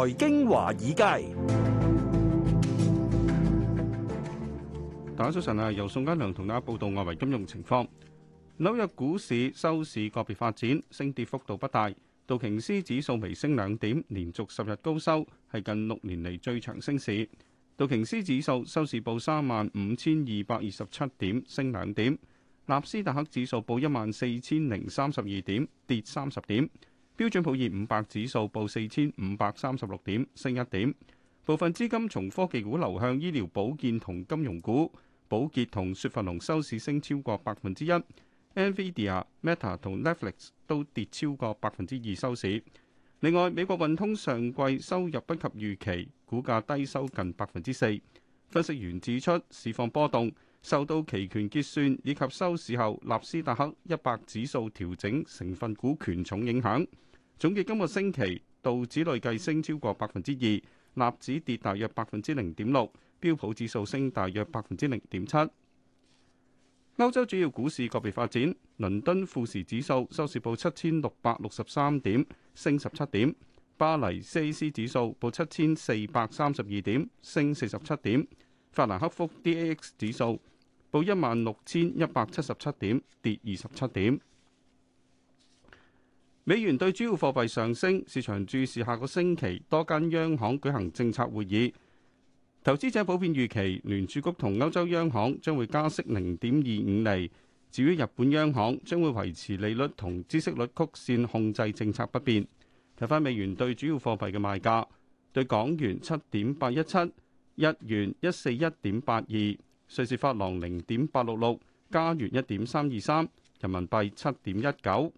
財經華爾街，大家早晨啊！由宋嘉良同大家報道外圍金融情況。紐約股市收市個別發展，升跌幅度不大。道瓊斯指數微升兩點，連續十日高收，係近六年嚟最長升市。道瓊斯指數收市報三萬五千二百二十七點，升兩點。納斯達克指數報一萬四千零三十二點，跌三十點。標準普爾五百指數報四千五百三十六點，升一點。部分資金從科技股流向醫療保健同金融股，寶潔同雪佛龍收市升超過百分之一，NVIDIA、Meta 同 Netflix 都跌超過百分之二收市。另外，美國運通上季收入不及預期，股價低收近百分之四。分析員指出，市況波動，受到期權結算以及收市後納斯達克一百指數調整成分股權重影響。總結今個星期，道指累計升超過百分之二，納指跌大約百分之零點六，標普指數升大約百分之零點七。歐洲主要股市個別發展，倫敦富時指數收市報七千六百六十三點，升十七點；巴黎 CAC 指數報七千四百三十二點，升四十七點；法蘭克福 DAX 指數報一萬六千一百七十七點，跌二十七點。美元對主要貨幣上升，市場注視下個星期多間央行舉行政策會議。投資者普遍預期聯儲局同歐洲央行將會加息零點二五厘。至於日本央行將會維持利率同孳息率曲線控制政策不變。睇翻美元對主要貨幣嘅賣價，對港元七點八一七，日元一四一點八二，瑞士法郎零點八六六，加元一點三二三，人民幣七點一九。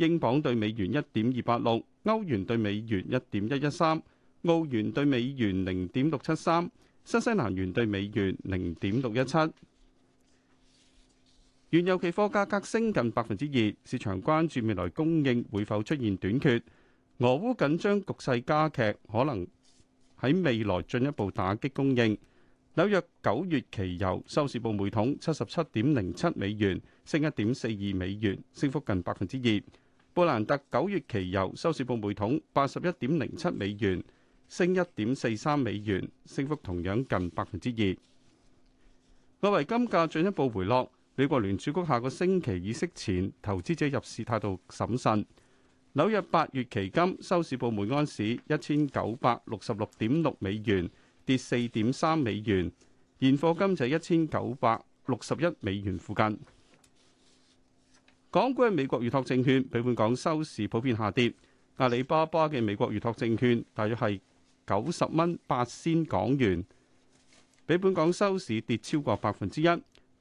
英鎊兌美元一點二八六，歐元兌美元一點一一三，澳元兌美元零點六七三，新西蘭元兌美元零點六一七。原油期貨價格升近百分之二，市場關注未來供應會否出現短缺。俄烏緊張局勢加劇，可能喺未來進一步打擊供應。紐約九月期油收市報每桶七十七點零七美元，升一點四二美元，升幅近百分之二。布蘭特九月期油收市報每桶八十一點零七美元，升一點四三美元，升幅同樣近百分之二。外圍金價進一步回落，美國聯儲局下個星期議息前，投資者入市態度審慎。紐約八月期金收市報每安士一千九百六十六點六美元，跌四點三美元，現貨金就一千九百六十一美元附近。港股嘅美國預託證券比本港收市普遍下跌。阿里巴巴嘅美國預託證券大約係九十蚊八仙港元，比本港收市跌超過百分之一。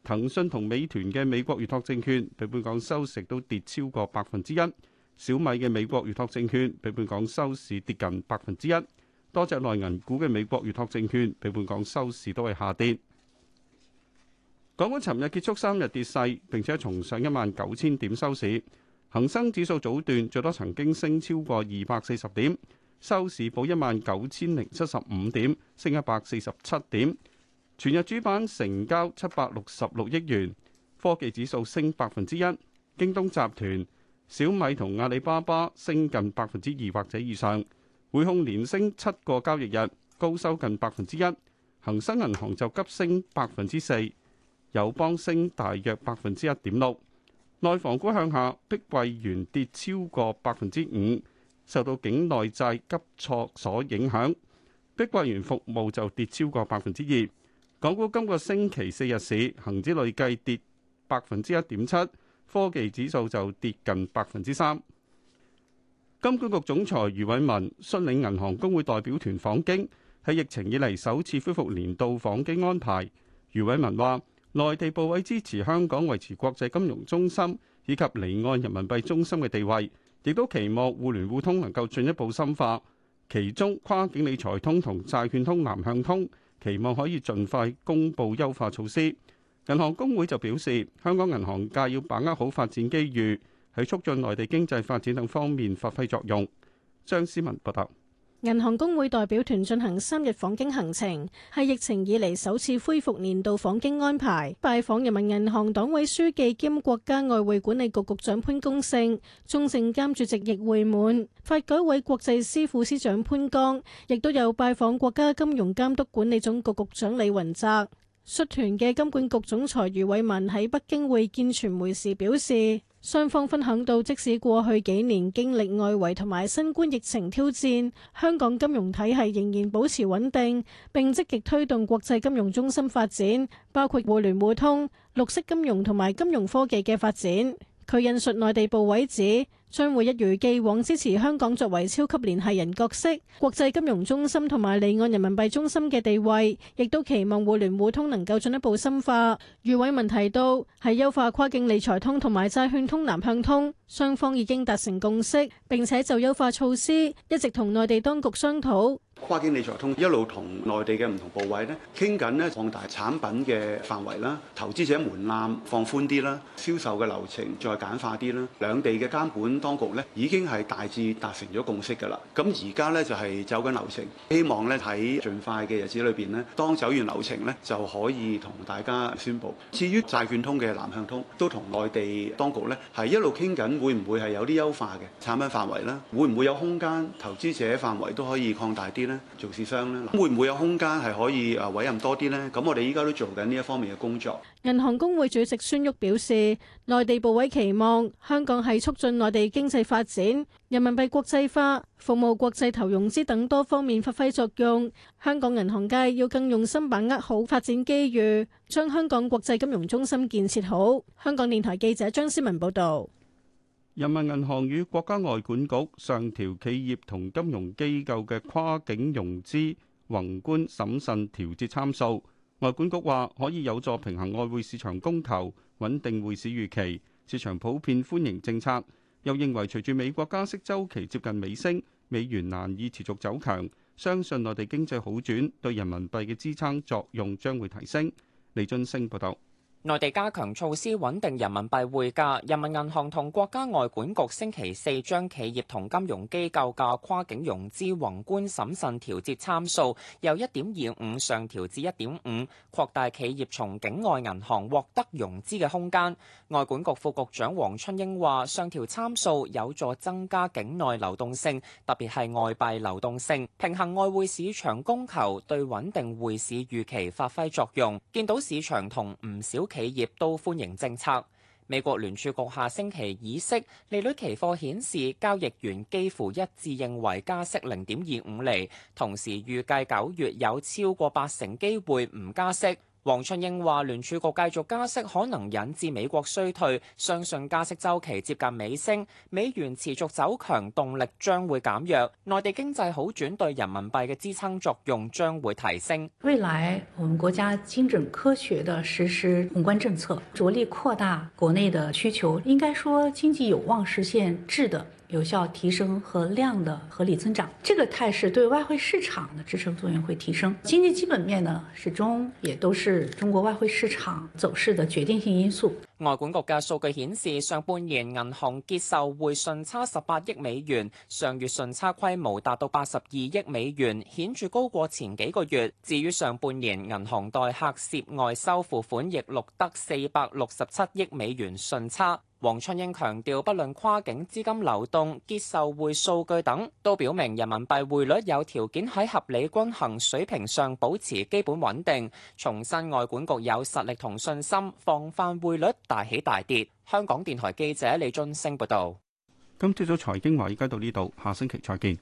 騰訊同美團嘅美國預託證券比本港收市都跌超過百分之一。小米嘅美國預託證券比本港收市跌近百分之一。多隻內銀股嘅美國預託證券比本港收市都係下跌。港股尋日結束三日跌勢，並且重上一萬九千點收市。恒生指數早段最多曾經升超過二百四十點，收市報一萬九千零七十五點，升一百四十七點。全日主板成交七百六十六億元。科技指數升百分之一，京東集團、小米同阿里巴巴升近百分之二或者以上。匯控連升七個交易日，高收近百分之一。恒生銀行就急升百分之四。友邦升大約百分之一點六，內房股向下，碧桂園跌超過百分之五，受到境內債急挫所影響。碧桂園服務就跌超過百分之二。港股今個星期四日市恒指累計跌百分之一點七，科技指數就跌近百分之三。金管局總裁余偉文率領銀行公會代表團訪京，喺疫情以嚟首次恢復年度訪京安排。余偉文話。內地部委支持香港維持國際金融中心以及離岸人民幣中心嘅地位，亦都期望互聯互通能夠進一步深化。其中跨境理財通同債券通南向通期望可以盡快公布優化措施。銀行公會就表示，香港銀行界要把握好發展機遇，喺促進內地經濟發展等方面發揮作用。張思文報道。銀行公會代表團進行三日訪京行程，係疫情以嚟首次恢復年度訪京安排。拜訪人民銀行黨委書記兼國家外匯管理局局長潘功勝、中證監主席易會滿、發改委國際司副司長潘剛，亦都有拜訪國家金融監督管理總局局長李雲澤。率團嘅金管局總裁余偉文喺北京會見傳媒時表示，雙方分享到，即使過去幾年經歷外圍同埋新冠疫情挑戰，香港金融體系仍然保持穩定，並積極推動國際金融中心發展，包括互聯互通、綠色金融同埋金融科技嘅發展。佢引述內地部委指，將會一如既往支持香港作為超級聯繫人角色、國際金融中心同埋離岸人民幣中心嘅地位，亦都期望互聯互通能夠進一步深化。余偉文提到，喺優化跨境理財通同埋債券通南向通，雙方已經達成共識，並且就優化措施一直同內地當局商討。跨境理財通一路同內地嘅唔同部委咧傾緊咧，擴大產品嘅範圍啦，投資者門檻放寬啲啦，銷售嘅流程再簡化啲啦，兩地嘅監管當局咧已經係大致達成咗共識㗎啦。咁而家咧就係、是、走緊流程，希望咧喺盡快嘅日子裏邊咧，當走完流程咧就可以同大家宣布。至於債券通嘅南向通，都同內地當局咧係一路傾緊，會唔會係有啲優化嘅產品範圍啦？會唔會有空間投資者範圍都可以擴大啲？做市商呢，會唔會有空間係可以啊委任多啲呢？咁我哋依家都做緊呢一方面嘅工作。銀行公會主席孫旭表示，內地部委期望香港係促進內地經濟發展、人民幣國際化、服務國際投融資等多方面發揮作用。香港銀行界要更用心把握好發展機遇，將香港國際金融中心建設好。香港電台記者張思文報道。人民銀行與國家外管局上調企業同金融機構嘅跨境融資宏觀審慎調節參數。外管局話可以有助平衡外匯市場供求，穩定匯市預期。市場普遍歡迎政策，又認為隨住美國加息週期接近尾聲，美元難以持續走強。相信內地經濟好轉，對人民幣嘅支撐作用將會提升。李俊升報道。內地加強措施穩定人民幣匯價，人民銀行同國家外管局星期四將企業同金融機構嘅跨境融資宏觀審慎調節參數由一點二五上調至一點五，擴大企業從境外銀行獲得融資嘅空間。外管局副局長黃春英話：上調參數有助增加境內流動性，特別係外幣流動性，平衡外匯市場供求，對穩定匯市預期發揮作用。見到市場同唔少企業都歡迎政策。美國聯儲局下星期議息，利率期貨顯示交易員幾乎一致認為加息零點二五厘，同時預計九月有超過八成機會唔加息。黃春英話：聯儲局繼續加息可能引致美國衰退，相信加息周期接近尾聲，美元持續走強動力將會減弱，內地經濟好轉對人民幣嘅支撐作用將會提升。未來我們國家精準科學地實施宏觀政策，着力擴大國內的需求，應該說經濟有望實現質的。有效提升和量的合理增長，這個態勢對外匯市場的支撐作用會提升。經濟基本面呢，始終也都是中國外匯市場走勢的決定性因素。外管局嘅數據顯示，上半年銀行結售匯順差十八億美元，上月順差規模達到八十二億美元，顯著高過前幾個月。至於上半年銀行代客涉外收付款，亦錄得四百六十七億美元順差。黃春英強調，不論跨境資金流動、結售匯數據等，都表明人民幣匯率有條件喺合理均衡水平上保持基本穩定。重申外管局有實力同信心，防範匯率大起大跌。香港電台記者李俊升報道。今朝早財經華爾街到呢度，下星期再見。